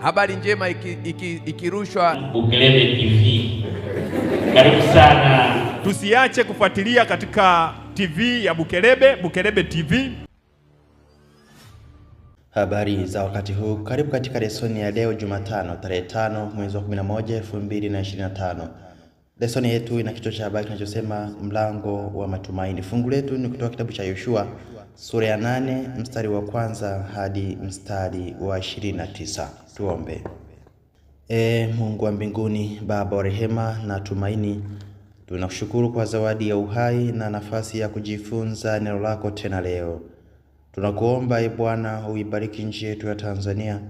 Habari njema ikirushwa iki, iki Bukelebe TV. Karibu sana, tusiache kufuatilia katika TV ya Bukelebe, Bukelebe TV. Habari za wakati huu, karibu katika lesoni ya leo Jumatano tarehe 5 mwezi wa 11 2025. Lesoni yetu ina kichwa cha habari kinachosema mlango wa matumaini. Fungu letu ni kutoka kitabu cha Yoshua sura ya nane mstari wa kwanza hadi mstari wa ishirini na tisa. Tuombe. E Mungu wa mbinguni, Baba wa rehema na tumaini, tunakushukuru kwa zawadi ya uhai na nafasi ya kujifunza neno lako tena leo. Tunakuomba e Bwana, uibariki nchi yetu ya Tanzania,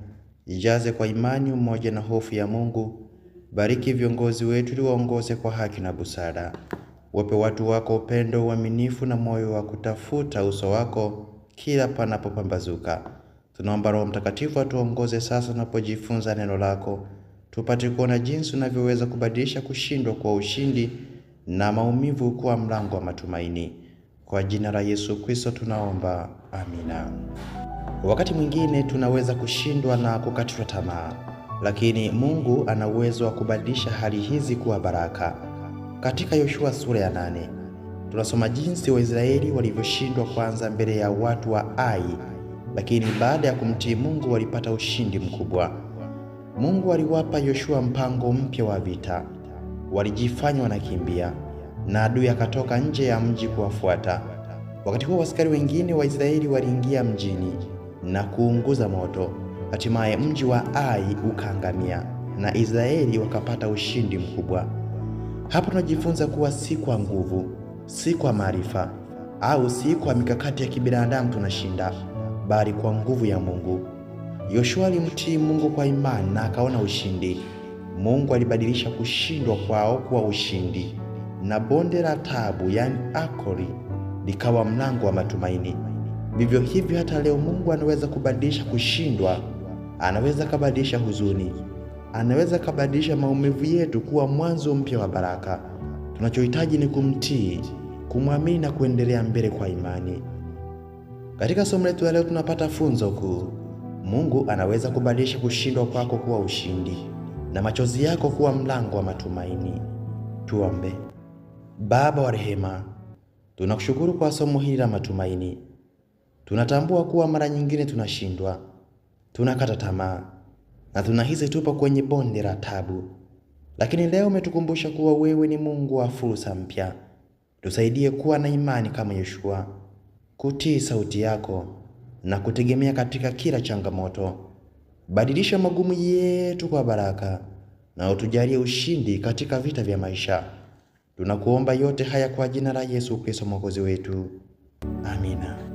ijaze kwa imani, umoja na hofu ya Mungu. Bariki viongozi wetu, liwaongoze kwa haki na busara Wape watu wako upendo, uaminifu na moyo wa kutafuta uso wako kila panapopambazuka. Tunaomba Roho Mtakatifu atuongoze sasa tunapojifunza neno lako, tupate kuona jinsi unavyoweza kubadilisha kushindwa kwa ushindi na maumivu kuwa mlango wa matumaini. Kwa jina la Yesu Kristo tunaomba, amina. Wakati mwingine tunaweza kushindwa na kukatishwa tamaa, lakini Mungu ana uwezo wa kubadilisha hali hizi kuwa baraka. Katika Yoshua sura ya nane tunasoma jinsi Waisraeli walivyoshindwa kwanza mbele ya watu wa Ai, lakini baada ya kumtii Mungu walipata ushindi mkubwa. Mungu aliwapa Yoshua mpango mpya wa vita. Walijifanya wanakimbia na adui akatoka nje ya mji kuwafuata. Wakati huo askari wengine wa Israeli waliingia mjini na kuunguza moto. Hatimaye mji wa Ai ukaangamia na Israeli wakapata ushindi mkubwa. Hapo tunajifunza kuwa si kwa nguvu, si kwa maarifa au si kwa mikakati ya kibinadamu tunashinda, bali kwa nguvu ya Mungu. Yoshua alimtii Mungu kwa imani na akaona ushindi. Mungu alibadilisha kushindwa kwao kuwa ushindi, na bonde la taabu, yaani Akori, likawa mlango wa matumaini. Vivyo hivyo, hata leo Mungu anaweza kubadilisha kushindwa, anaweza kabadilisha huzuni anaweza akabadilisha maumivu yetu kuwa mwanzo mpya wa baraka. Tunachohitaji ni kumtii, kumwamini na kuendelea mbele kwa imani. Katika somo letu la leo tunapata funzo kuu: Mungu anaweza kubadilisha kushindwa kwako kuwa ushindi na machozi yako kuwa mlango wa matumaini. Tuombe. Baba wa rehema, tunakushukuru kwa somo hili la matumaini. Tunatambua kuwa mara nyingine tunashindwa, tunakata tamaa na tunahisi tupo kwenye bonde la tabu, lakini leo umetukumbusha kuwa wewe ni Mungu wa fursa mpya. Tusaidie kuwa na imani kama Yoshua, kutii sauti yako na kutegemea katika kila changamoto. Badilisha magumu yetu kwa baraka na utujalie ushindi katika vita vya maisha. Tunakuomba yote haya kwa jina la Yesu Kristo mwokozi wetu, amina.